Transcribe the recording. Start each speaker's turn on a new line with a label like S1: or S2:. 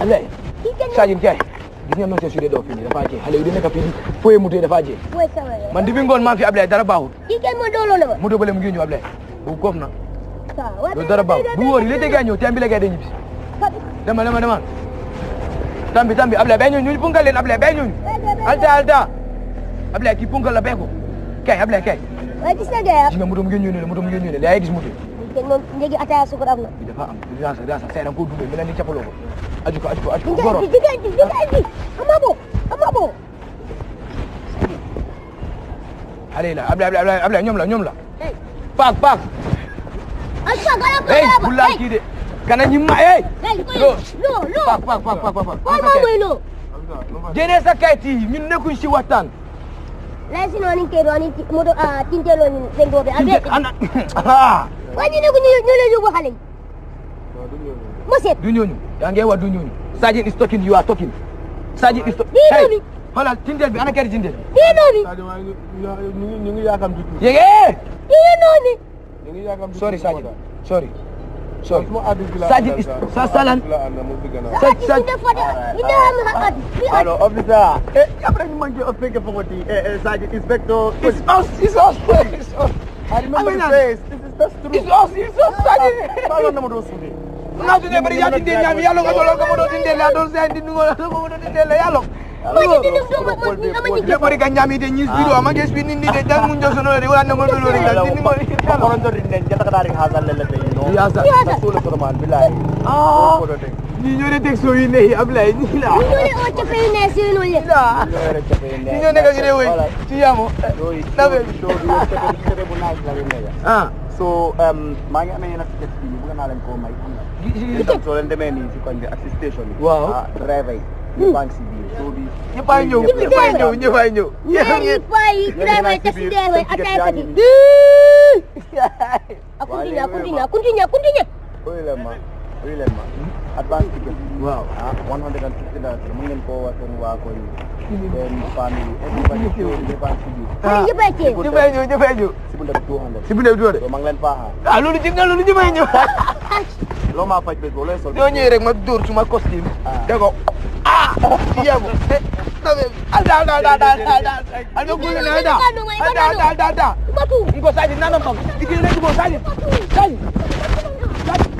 S1: Ablaye Sadio Ndiaye gis ngeen noonu suudee doo fii nii dafa jee xale yu di nekk fii fooy mutee dafa jee man depuis ngoon maa fi Ablaye dara baaxul moto bële mu ngi ñëw Ablaye bu koof na loolu dara baaxul bu wóor yi léegi gaa ñëw temps bi la gaa dee ñibbi dama dama dama tambi tambi Ablaye bay ñooñu punkal leen Ablaye bay ñooñu alta alta Ablaye kii punkal moto mu ngi ñëw ne moto mu ngi ñëw ne yaa gis moto allez là attaya sukara am dafa am ko abla abla abla ñomla ñomla de kana ñimma hey lo lo paak paak paak paak paak paak paak laysinoonin keerooni moto ah, tinteloonin sengooɓe ah, a wañine ko ñole yogo halen moset du ñooñu yaa ngi wa du ñooñu sadji is talking you are talking sadji is ɗinomi holal tindel bi ana kadi tindel ɗinomi ñu ngi yaakam jikku yege ɗinomi sorry sadji sorry شوف ساجد سالان ساجد الو اوفيسر ابرا نمان جو افيك فوتي ساجد انسبكتور It's us, it's us, it's us. I remember I mean, the face. This is that's true. It's us, it's us, Sajid. Paano naman doon sundin? Nasundi, pero yatin din niya, yalong at walang kamadot din nila, doon sa hindi nungo, yalong. le ɓori ka ñamide ñisɓiɗo amage spinnindide tan mun josonoɗe wannagolɓelori ka sinnigoorondorinen jatakaɗari ha sallelete yino yasa suule sotoman bilayi oɗote ñiñone teg so yinneyi ablaye ñila ñiñone o cafeyine sinulle ñiñone ka gire woy tiyamo naɓe so maa ngi amee yenn ticket bi bëgg naa leen koo may xam nga soo leen demee nii si koñ bi ak si station bi waaw driver yi Nyepain sendiri, Tobi. Nyepain nyu, nyepain Lo mau apa itu? Lo yang sol. Dia nyerek madur cuma kostum. Dia kok. Ah, iya bu. Ada ada ada ada ada. Ada gulu ni ada. Ada